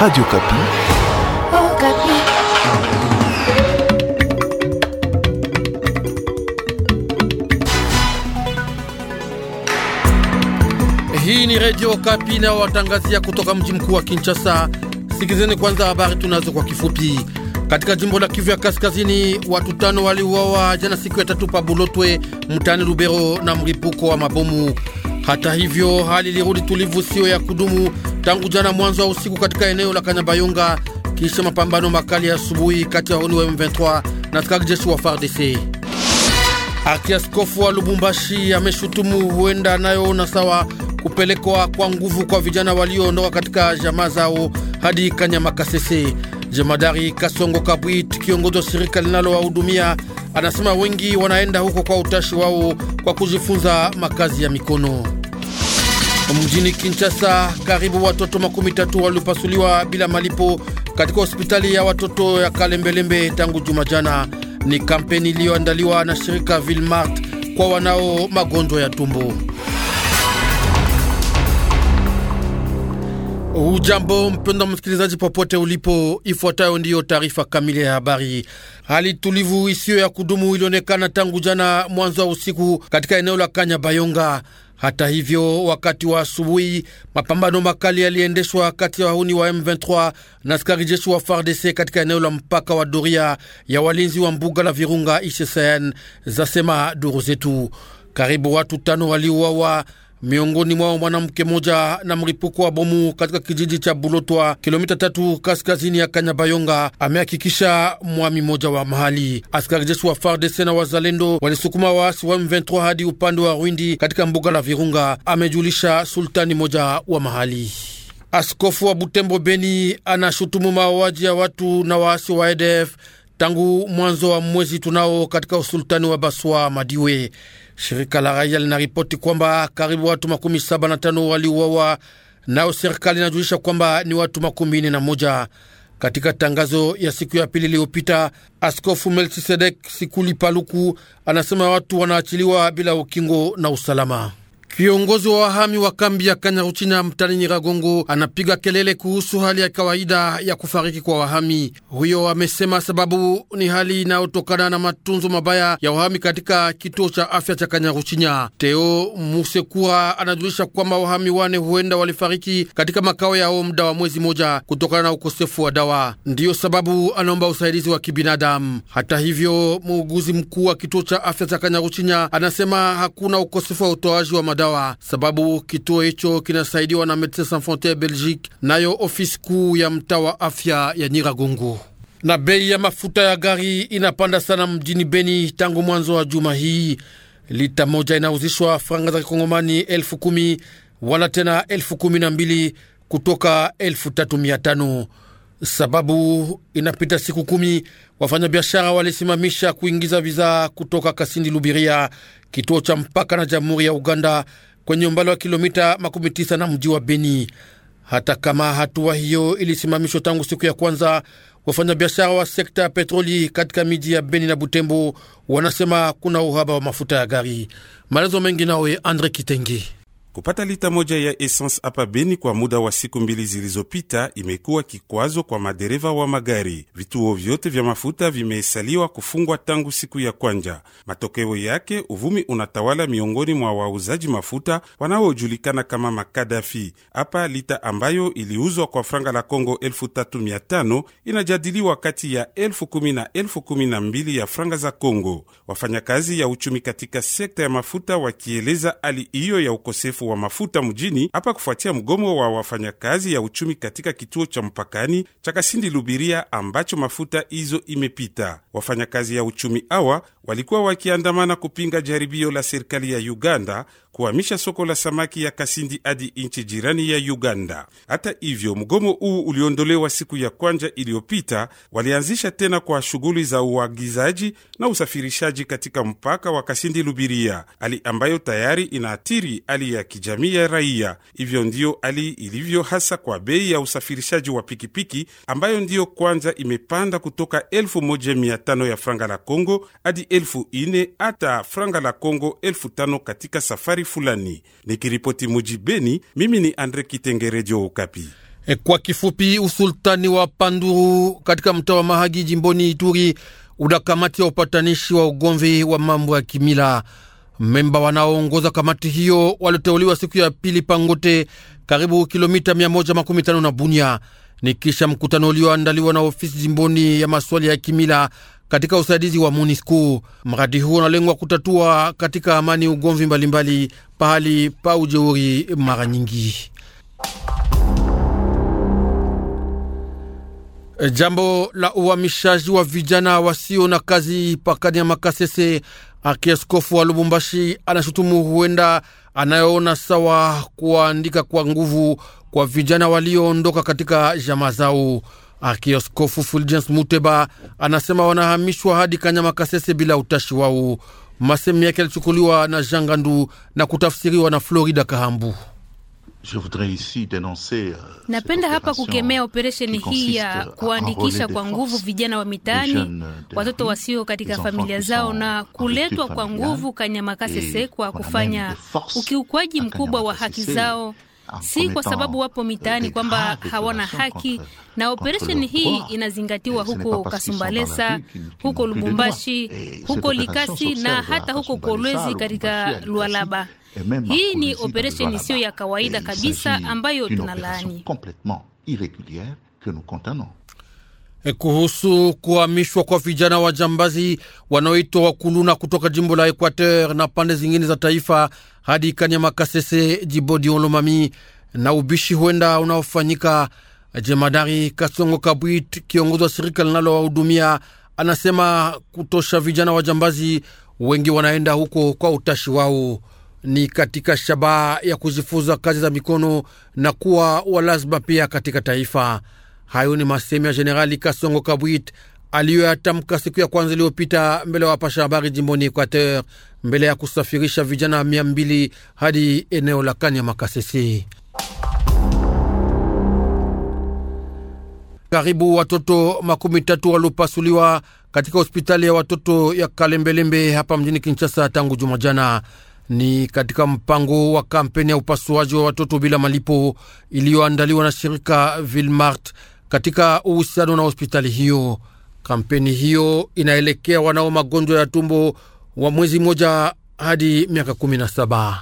Radio Kapi. Oh, Kapi. Hii ni Radio Kapi na watangazia kutoka mji mkuu wa Kinshasa. Sikizeni kwanza habari tunazo kwa kifupi. Katika jimbo la Kivu ya Kaskazini, watu tano waliuawa jana siku ya tatu pa Bulotwe mtani Lubero na mlipuko wa mabomu. Hata hivyo, hali ilirudi tulivu, siyo ya kudumu tangu jana mwanzo wa usiku katika eneo la Kanyabayonga, kisha mapambano makali ya asubuhi kati ya oni wa M23 na askari jeshi wa FARDC. Akiaskofu wa Lubumbashi ameshutumu huenda anayoona sawa kupelekwa kwa nguvu kwa vijana walioondoka katika jamaa zao hadi Kanyamakasese. Jemadari Kasongo Kabwit, kiongozi wa shirika linalowahudumia, anasema wengi wanaenda huko kwa utashi wao kwa kujifunza makazi ya mikono. Mjini Kinshasa, karibu watoto makumi tatu waliopasuliwa bila malipo katika hospitali ya watoto ya Kalembelembe tangu juma jana. Ni kampeni iliyoandaliwa na shirika Vilmart kwa wanao magonjwa ya tumbo. Ujambo mpendwa msikilizaji, popote ulipo, ifuatayo ndiyo taarifa kamili ya habari. Hali tulivu isiyo ya kudumu ilionekana tangu jana mwanzo wa usiku katika eneo la kanya bayonga hata hivyo, wakati wa asubuhi, mapambano makali yaliendeshwa kati ya wahuni wa M23 na askari jeshi wa FARDC katika eneo la mpaka wa doria ya walinzi wa mbuga la Virunga ICCN, zasema duru zetu. Karibu watu tano waliuawa miongoni mwao mwanamke moja na mlipuko wa bomu katika kijiji cha Bulotwa, kilomita tatu kaskazini ya Kanyabayonga, amehakikisha mwami moja wa mahali. Askari jeshi wa FARDC na wazalendo walisukuma waasi wa M23 hadi upande wa Rwindi katika mbuga la Virunga, amejulisha sultani moja wa mahali. Askofu wa Butembo Beni anashutumu mauaji ya watu na waasi wa EDF tangu mwanzo wa mwezi tunao katika usultani wa Baswa Madiwe. Shirika la raia linaripoti kwamba karibu watu makumi saba na tano waliuawa, nao serikali inajulisha kwamba ni watu makumi ine na moja. Katika tangazo ya siku ya pili iliyopita, Askofu Melchisedek Sikuli Paluku anasema watu wanaachiliwa bila ukingo na usalama viongozi wa wahami wa kambi ya Kanyaruchinya mtani Nyiragongo anapiga kelele kuhusu hali ya kawaida ya kufariki kwa wahami. Huyo amesema sababu ni hali inayotokana na matunzo mabaya ya wahami katika kituo cha afya cha Kanyaruchinya. Teo Musekura anajulisha kwamba wahami wane huenda walifariki katika makao yao muda wa mwezi moja kutokana na ukosefu wa dawa, ndiyo sababu anaomba usaidizi wa kibinadamu. Hata hivyo, muuguzi mkuu wa kituo cha afya cha Kanyaruchinya anasema hakuna ukosefu wa utoaji wa madawa dawa, sababu kituo hicho kinasaidiwa na Medecins Sans Frontieres Belgique, nayo ofisi kuu ya mtaa wa afya ya Nyiragongo na bei ya mafuta ya gari inapanda sana mjini Beni tangu mwanzo wa juma hii. Lita moja inauzishwa franga za kikongomani elfu kumi wala tena elfu kumi na mbili kutoka elfu tatu mia tano sababu inapita siku kumi wafanyabiashara walisimamisha kuingiza viza kutoka Kasindi Lubiria, kituo cha mpaka na jamhuri ya Uganda, kwenye umbali wa kilomita makumi tisa na mji wa Beni. Hata kama hatua hiyo ilisimamishwa tangu siku ya kwanza, wafanyabiashara wa sekta ya petroli katika miji ya Beni na Butembo wanasema kuna uhaba wa mafuta ya gari. Maelezo mengi nawe Andre kitengi Kupata lita moja ya essence hapa Beni kwa muda wa siku mbili zilizopita imekuwa kikwazo kwa madereva wa magari. Vituo vyote vya mafuta vimesaliwa kufungwa tangu siku ya kwanja. Matokeo yake uvumi unatawala miongoni mwa wauzaji mafuta wanaojulikana kama makadafi. Hapa lita ambayo iliuzwa kwa franga la congo 3500 inajadiliwa kati ya 10,000 na 12,000 ya franga za congo Wafanyakazi ya uchumi katika sekta ya mafuta wakieleza hali hiyo ya ukosefu ukosefu wa mafuta mjini hapa kufuatia mgomo wa wafanyakazi ya uchumi katika kituo cha mpakani cha Kasindi Lubiria ambacho mafuta hizo imepita. Wafanyakazi ya uchumi hawa walikuwa wakiandamana kupinga jaribio la serikali ya Uganda kuhamisha soko la samaki ya Kasindi hadi nchi jirani ya Uganda. Hata hivyo, mgomo huu uliondolewa siku ya kwanja iliyopita. Walianzisha tena kwa shughuli za uagizaji na usafirishaji katika mpaka wa Kasindi Lubiria, hali ambayo tayari inaathiri hali ya kijamii ya raia. Hivyo ndiyo hali ilivyo hasa kwa bei ya usafirishaji wa pikipiki ambayo ndiyo kwanza imepanda kutoka 1500 ya franga la Congo hadi elfu ine hata franga la Congo elfu tano katika safari fulani. Nikiripoti mujibeni, mimi ni Andre Kitenge, Redio Okapi. E, kwa kifupi, usultani wa Panduru katika mtaa wa Mahagi jimboni Ituri unakamati ya upatanishi wa ugomvi wa mambo ya kimila. Memba wanaoongoza kamati hiyo waliteuliwa siku ya pili Pangote, karibu kilomita 115 na Bunia, ni kisha mkutano ulioandaliwa na ofisi jimboni ya maswali ya kimila katika usaidizi wa MONUSCO. Mradi huo unalengwa kutatua katika amani ugomvi mbalimbali pahali pa ujeuri mara nyingi. Jambo la uhamishaji wa vijana wasio na kazi pakani ya Makasese, akieskofu wa Lubumbashi anashutumu huenda anayoona sawa kuandika kwa nguvu kwa vijana walioondoka katika jamaa zao arkioskofu Fulgens Muteba anasema wanahamishwa hadi Kanyama Kasese bila utashi wao. Masemi yake yalichukuliwa na Jangandu na kutafsiriwa na Florida Kahambu. Euh, Napenda hapa kukemea operesheni hii ya kuandikisha kwa nguvu vijana wa mitaani, watoto wasio katika familia zao, na kuletwa kwa nguvu Kanyamakasese kwa kufanya ukiukwaji mkubwa wa haki zao Ah, si kwa sababu wapo mitaani kwamba hawana haki. Na operesheni hii inazingatiwa eh, eh, huko Kasumbalesa, huko Lubumbashi, huko Likasi na hata huko Kolwezi katika eh, Lualaba. Hii ni operesheni isiyo ya kawaida kabisa ambayo tunalaani. Eh, kuhusu kuhamishwa kwa vijana wajambazi wanaoitwa wakuluna kutoka jimbo la Equateur na pande zingine za taifa hadi Kanyama Kasese, jimbo Diolomami, na ubishi huenda unaofanyika. Jemadari Kasongo Kabwit, kiongozi wa shirika linalowahudumia, anasema kutosha vijana wajambazi wengi wanaenda huko kwa utashi wao ni katika shabaha ya kuzifuza kazi za mikono na kuwa walazima pia katika taifa. Hayo ni masemi ya Jenerali Kasongo Kabwit aliyoyatamka siku ya kwanza iliyopita mbele ya wapasha habari jimboni Equateur, mbele ya kusafirisha vijana mia mbili hadi eneo la Kanya Makasisi. Karibu watoto makumi tatu waliopasuliwa katika hospitali ya watoto ya Kalembelembe hapa mjini Kinshasa tangu juma jana. Ni katika mpango wa kampeni ya upasuaji wa watoto bila malipo iliyoandaliwa na shirika Vilmart katika uhusiano na hospitali hiyo. Kampeni hiyo inaelekea wanao magonjwa ya tumbo wa mwezi mmoja hadi miaka 17.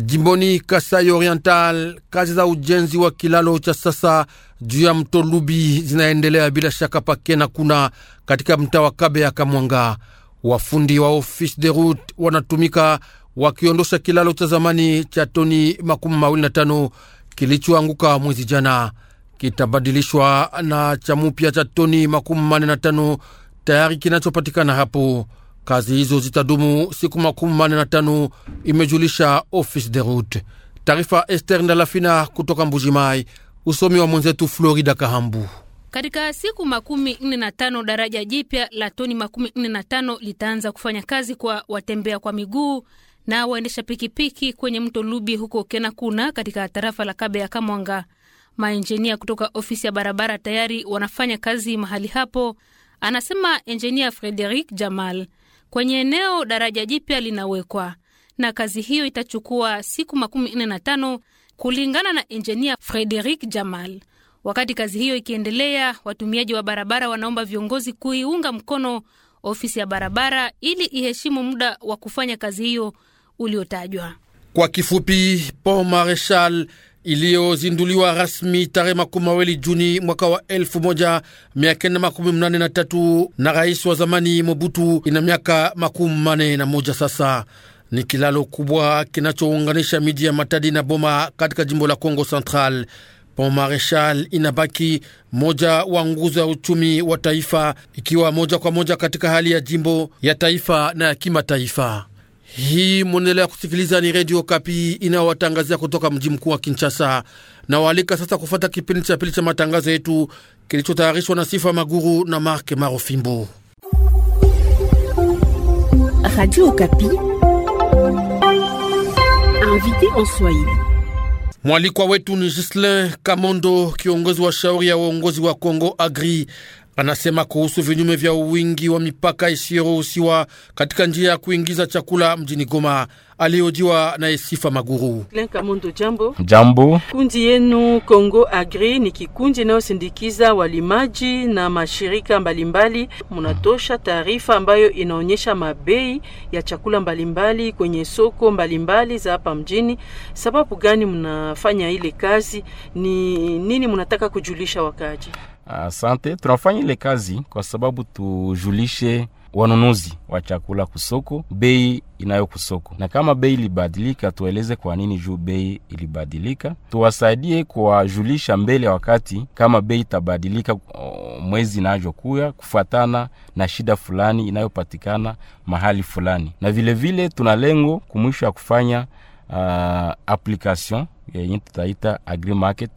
Jimboni Kasai Oriental, kazi za ujenzi wa kilalo cha sasa juu ya mto Lubi zinaendelea bila shaka pake na kuna katika mtaa wa Kabe ya Kamwanga. Wafundi wa Office de Route wanatumika wakiondosha kilalo cha zamani cha toni makumi mawili na tano kilichoanguka mwezi jana kitabadilishwa na cha mupya cha toni makumi mane na tano tayari kinachopatikana hapo. Kazi hizo zitadumu siku makumi mane na tano, imejulisha Office de Route. Taarifa Ester Ndalafina kutoka Mbujimai, usomi wa mwenzetu Florida Kahambu. Katika siku makumi nne na tano daraja jipya la toni makumi nne na tano litaanza kufanya kazi kwa watembea kwa miguu na waendesha pikipiki kwenye mto Lubi huko Kenakuna katika tarafa la ya Kamwanga. Maenjinia kutoka ofisi ya barabara tayari wanafanya kazi mahali hapo, anasema enjinia Frederic Jamal. Kwenye eneo daraja jipya linawekwa na kazi hiyo itachukua siku makumi nne na tano kulingana na enjinia Frederic Jamal. Wakati kazi hiyo ikiendelea, watumiaji wa barabara wanaomba viongozi kuiunga mkono ofisi ya barabara ili iheshimu muda wa kufanya kazi hiyo uliotajwa. Kwa kifupi, Paul Marechal iliyozinduliwa rasmi tarehe makumi mawili Juni mwaka wa elfu moja mia kenda makumi mnane na tatu na rais wa zamani Mobutu. Ina miaka makumi mane na moja sasa. Ni kilalo kubwa kinachounganisha miji ya Matadi na Boma katika jimbo la Congo Central. Pont Marechal inabaki moja wa nguzo ya uchumi wa taifa, ikiwa moja kwa moja katika hali ya jimbo ya taifa na ya kimataifa. Hii mwendelea kusikiliza ni Redio Kapi inayowatangazia kutoka mji mkuu wa Kinshasa na waalika sasa kufata kipindi cha pili cha matangazo yetu kilichotayarishwa na Sifa Maguru na Marke Marofimbo. Mwalikwa wetu ni Gislin Kamondo, kiongozi wa shauri ya uongozi wa congo Agri anasema kuhusu vinyume vya uwingi wa mipaka isiyoruhusiwa katika njia ya kuingiza chakula mjini Goma. Aliyojiwa na Esifa Maguru. Jambo. Jambo. Kundi yenu congo Agri ni kikundi inayosindikiza walimaji na mashirika mbalimbali, munatosha taarifa ambayo inaonyesha mabei ya chakula mbalimbali kwenye soko mbalimbali za hapa mjini. Sababu gani mnafanya ile kazi? Ni nini mnataka kujulisha wakaji? Asante, tunafanya ile kazi kwa sababu tujulishe wanunuzi wa chakula kusoko bei inayo kusoko, na kama bei ilibadilika, tueleze kwa nini juu bei ilibadilika. Tuwasaidie kuwajulisha mbele ya wakati kama bei itabadilika uh, mwezi inayokuya kufuatana na shida fulani inayopatikana mahali fulani, na vilevile vile, tuna lengo kumwisho ya kufanya uh, application yenye tutaita agri market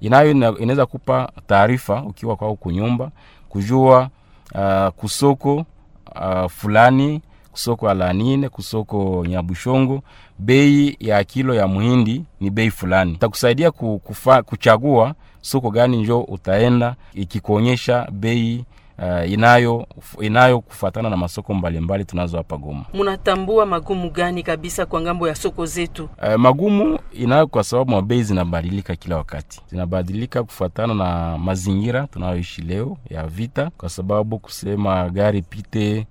inayo inaweza kupa taarifa ukiwa kwao kunyumba, kujua uh, kusoko uh, fulani kusoko Alanine, kusoko Nyabushongo, bei ya kilo ya muhindi ni bei fulani, takusaidia kufa, kuchagua soko gani njo utaenda, ikikuonyesha bei uh, inayo inayo kufuatana na masoko mbalimbali tunazo hapa Goma. Munatambua magumu gani kabisa kwa ngambo ya soko zetu? Uh, magumu inayo kwa sababu mabei zinabadilika kila wakati, zinabadilika kufuatana na mazingira tunayoishi leo ya vita, kwa sababu kusema gari pite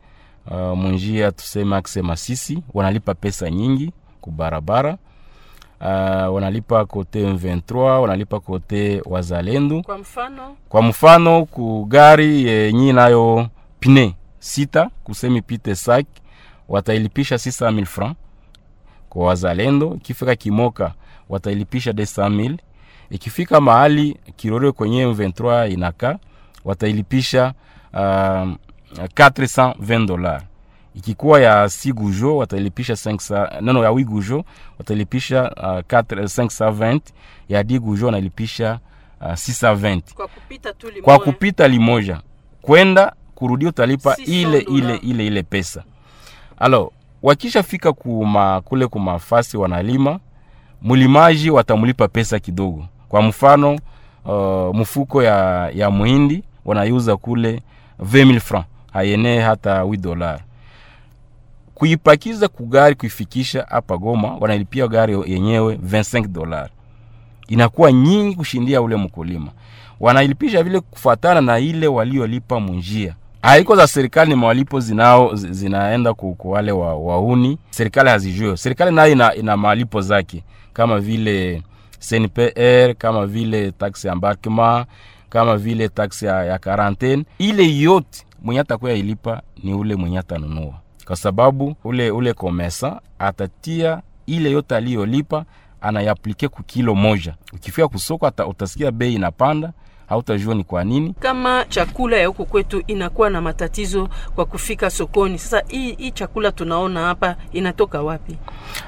uh, eh, munjia tuseme akse Masisi wanalipa pesa nyingi kubarabara uh, wanalipa kote M23, wanalipa kote wazalendo. Kwa mfano, kwa mfano ku gari yenyi nayo pine sita kusemi pite sak watailipisha 600000 francs kwa wazalendo, ikifika kimoka watailipisha 200000 ikifika mahali kirore kwenye M23 inaka watailipisha uh, um, 420 dollars ikikuwa ya si gujo watalipisha 500 neno ya wi gujo watalipisha uh, 4 520 ya di gujo wanalipisha uh, 620 kwa kupita tu limoja, kwa kupita limoja kwenda kurudi utalipa si ile ile ile ile pesa. Alo, wakisha fika kuma kule kumafasi wanalima, mlimaji watamulipa pesa kidogo. Kwa mfano uh, mfuko ya, ya muhindi wanayuza kule 20000 francs hayene hata 8 dollars kuipakiza kugari kuifikisha hapa Goma wanalipia gari yenyewe 25 dola, inakuwa nyingi kushindia ule mkulima. Wanailipisha vile kufatana na ile waliolipa munjia. Haiko za serikali, ni malipo zinao zinaenda kwa wale wa wauni. Serikali hazijui, serikali nayo ina, ina malipo zake kama vile CNPR, kama vile taxi ya mbakima, kama vile taksi ya karantene. Ile yote mwenye atakuwa ilipa ni ule mwenye atanunua kwa sababu ule ule komesa atatia ile yote aliyolipa anayaplike ku kilo moja. Ukifika kusoko ata, utasikia bei inapanda hautajua ni kwa nini. Kama chakula ya huko kwetu inakuwa na matatizo kwa kufika sokoni, sasa hii hii chakula tunaona hapa inatoka wapi?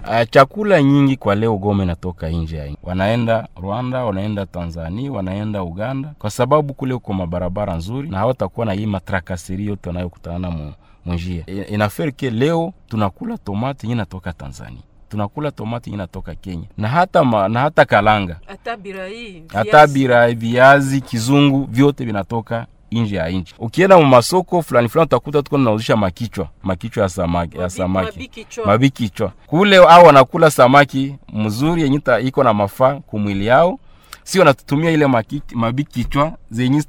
Uh, chakula nyingi kwa leo Goma inatoka nje ya wanaenda Rwanda, wanaenda Tanzania, wanaenda Uganda, kwa sababu kule uko mabarabara nzuri na hawatakuwa na hii matrakasiri yote wanayokutana mu munjia. Inaferi ke leo tunakula tomate yenye natoka Tanzania tunakula tomati inatoka Kenya na hata, ma, na hata kalanga hata birai, hata birai viazi kizungu vyote vinatoka nje ya nchi. Ukienda mu masoko fulani fulani utakuta tuko tunauzisha makichwa makichwa ya samaki, ya samaki mabikichwa kule, au wanakula samaki mzuri yenye iko na mafaa kumwili yao si wanatutumia ile mabikichwa zenye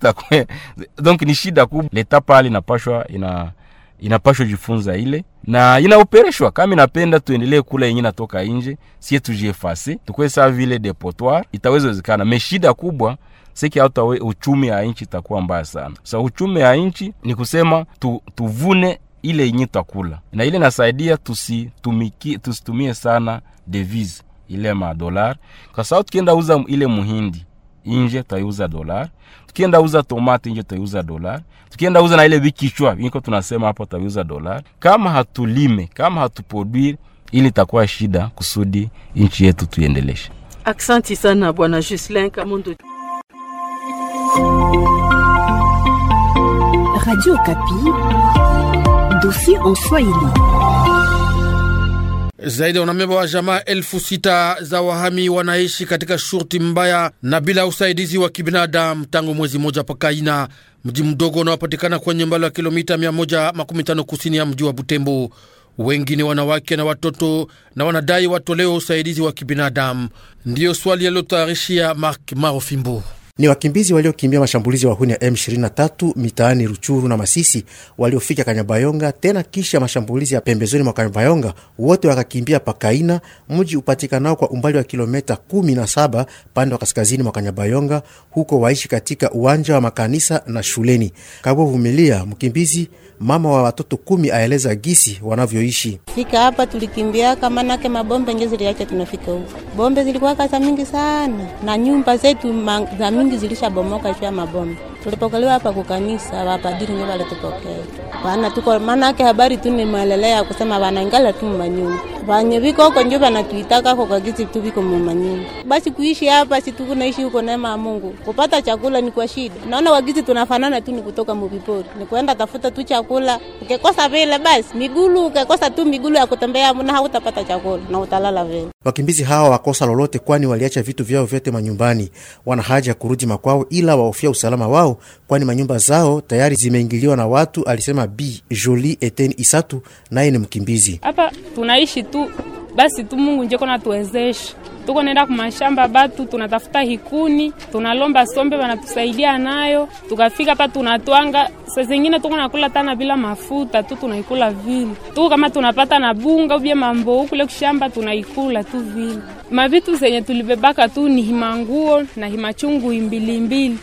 donc ni shida kubwa. Leta pale inapashwa ina inapashwa jifunza ile na inaopereshwa kama inapenda tuendelee kula yenye natoka nje, sie tujiefase tukwe saa vile depotoir, itaweza wezekana. meshida kubwa siki hata uchumi ya nchi itakuwa mbaya sana. Sa uchumi ya nchi ni kusema tu, tuvune ile yenye twakula na ile nasaidia tusitumiki tusitumie sana devise ile ma kwa sababu tukienda uza ile muhindi inje taiuza dolari, tukienda uza tomate inje taiuza dolari, tukienda uza na ile vikichwa viko tunasema hapo taiuza dolari. Kama hatulime kama hatuproduire, ili itakuwa shida kusudi nchi yetu tuiendeleshe. Aksanti sana Bwana Jocelyn Kamundo. Radio Kapi, dossier en Swahili. Zaidi ya wanamemba wa jamaa elfu sita za wahami wanaishi katika shurti mbaya na bila usaidizi wa kibinadamu tangu mwezi mmoja Pakaina, mji mdogo unaopatikana kwenye mbali wa kilomita 115 kusini ya mji wa Butembo. wengi ni wanawake na watoto na wanadai watolewe usaidizi wa kibinadamu. Ndiyo swali yaliyotayarishia Mark Marofimbo. Ni wakimbizi waliokimbia mashambulizi ya wahuni ya M23 mitaani Ruchuru na Masisi waliofika Kanyabayonga tena kisha mashambulizi ya pembezoni mwa Kanyabayonga, wote wakakimbia Pakaina, mji upatikanao kwa umbali wa kilometa 17 pande wa kaskazini mwa Kanyabayonga. Huko waishi katika uwanja wa makanisa na shuleni. Vumilia, mkimbizi mama wa watoto kumi, aeleza gisi wanavyoishi. Fika hapa tulikimbia kamanake mabombe nje ziliacha, tunafika huko bombe zilikuwa kaza mingi sana na nyumba zetu za nyingi zilishabomoka juu ya mabomu tulipokelewa hapa kwa kanisa, wa wapadiri ndio walitupokea bana, tuko maana yake habari tu ni malelea kusema bana ingala tu manyumba banye viko huko njoba na tuitaka kwa kiti tu viko mmanyumba Basi kuishi hapa si tu kunaishi huko neema ya Mungu, kupata chakula ni kwa shida. Naona wagizi tunafanana tu, ni kutoka mvipori ni kwenda tafuta tu chakula. Ukikosa vile basi migulu, ukikosa tu migulu ya kutembea, na hautapata chakula na utalala vile. Wakimbizi hawa wakosa lolote, kwani waliacha vitu vyao vyote manyumbani. Wana haja kurudi makwao, ila waofia usalama wao yao, kwani manyumba zao tayari zimeingiliwa na watu, alisema Bi Joli Eten Isatu, naye ni mkimbizi. Hapa tunaishi tu basi tu Mungu njeko natuwezesha tuko nenda kumashamba batu tunatafuta hikuni tunalomba sombe wanatusaidia nayo tukafika pa tunatwanga saa zingine tuko nakula tana bila mafuta tu tunaikula vile tuko kama tunapata na bunga ubye mambo kule kushamba tunaikula tu vile mavitu zenye tulibebaka tu ni himanguo na himachungu imbilimbili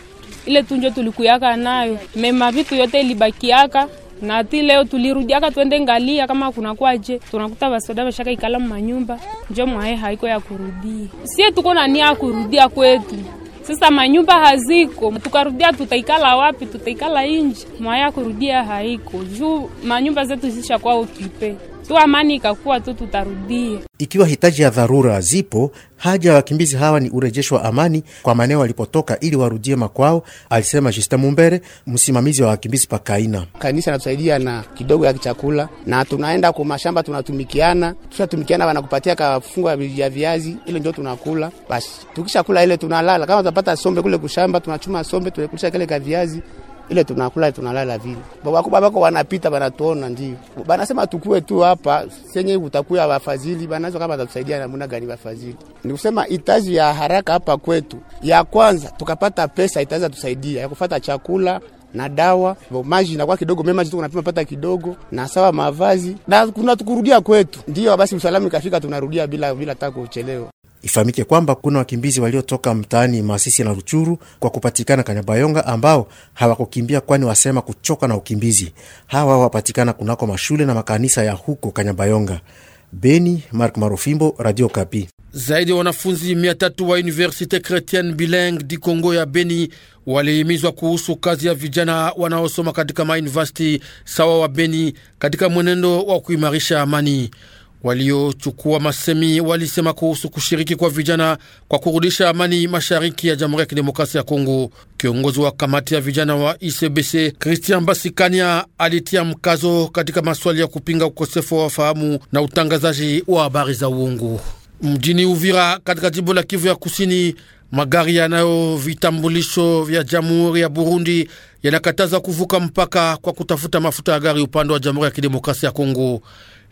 ile tunjo tulikuyaka nayo mema, vitu yote ilibakiaka na ati leo tulirudiaka twende ngalia kama kuna kwaje, tunakuta vasoda vashaka ikala manyumba, njo mwaye haiko ya kurudia. Sie tuko na nia ya kurudia kwetu sasa, manyumba haziko, tukarudia tutaikala wapi? Tutaikala inji, mwaye ya kurudia haiko juu manyumba zetu zishakwa okipe tu amani ikakuwa tu, tutarudia. Ikiwa hitaji ya dharura zipo, haja ya wakimbizi hawa ni urejesho wa amani kwa maeneo walipotoka ili warudie makwao, alisema Justin Mumbere, msimamizi wa wakimbizi pakaina. Kanisa natusaidia na kidogo ya chakula, na tunaenda kwa mashamba, tunatumikiana. Tushatumikiana, wanakupatia kafungwa ya viazi, ile ndio tunakula. Basi tukishakula ile tunalala, kama tunapata sombe kule kushamba, tunachuma sombe, tunakulisha kile ka viazi ile tunakula tunalala vile. Babako babako wanapita wanatuona, ndio banasema tukue tu hapa, senye utakuwa wafadhili banazo, kama watatusaidia namna gani wafadhili. Ni kusema itaji ya haraka hapa kwetu, ya kwanza tukapata pesa itaweza tusaidia ya kufata chakula na dawa maji kwa kidogo mema, maji tunapima pata kidogo na sawa mavazi na kuna tukurudia kwetu, ndio basi usalama ikafika, tunarudia bila bila taka kuchelewa. Ifahamike kwamba kuna wakimbizi waliotoka mtaani Masisi na Ruchuru kwa kupatikana Kanyabayonga ambao hawakukimbia kwani wasema kuchoka na ukimbizi. Hawa wapatikana kunako mashule na makanisa ya huko Kanyabayonga. Beni, Mark Marofimbo, Radio Kapi. Zaidi ya wanafunzi mia tatu wa Universite Chretienne Bilingue di Congo ya Beni walihimizwa kuhusu kazi ya vijana wanaosoma katika mauniversiti sawa wa Beni katika mwenendo wa kuimarisha amani waliochukua masemi walisema kuhusu kushiriki kwa vijana kwa kurudisha amani mashariki ya Jamhuri ya Kidemokrasia ya Kongo. Kiongozi wa kamati ya vijana wa ICBC Christian Basikania alitia mkazo katika maswali ya kupinga ukosefu wa fahamu na utangazaji wa habari za uongo mjini Uvira katika jimbo la Kivu ya Kusini. Magari yanayo vitambulisho vya Jamhuri ya Burundi yanakataza kuvuka mpaka kwa kutafuta mafuta ya gari upande wa Jamhuri ya Kidemokrasia ya Kongo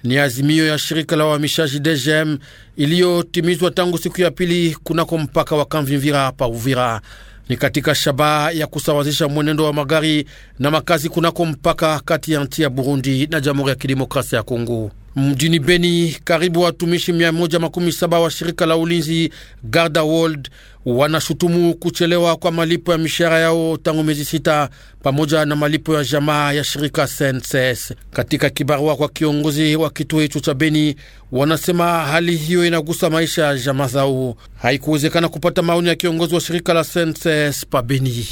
ni azimio ya shirika la uhamishaji DGM iliyotimizwa tangu siku ya pili kunako mpaka wa Kamvimvira pa Uvira. Ni katika shabaha ya kusawazisha mwenendo wa magari na makazi kunako mpaka kati ya nchi ya Burundi na Jamhuri ya Kidemokrasia ya Kongo. Mjini Beni, karibu watumishi mia moja makumi saba wa shirika la ulinzi Garda World wanashutumu kuchelewa kwa malipo ya mishahara yao tangu miezi sita, pamoja na malipo ya jamaa ya shirika SNCS. Katika kibarua kwa kiongozi wa kituo hicho cha Beni, wanasema hali hiyo inagusa maisha ya jamaa zao. Haikuwezekana kupata maoni ya kiongozi wa shirika la SNCS pa Beni.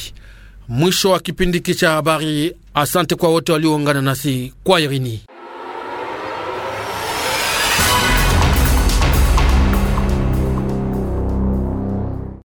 Mwisho wa kipindi hiki cha habari. Asante kwa wote walioungana nasi kwa Irini.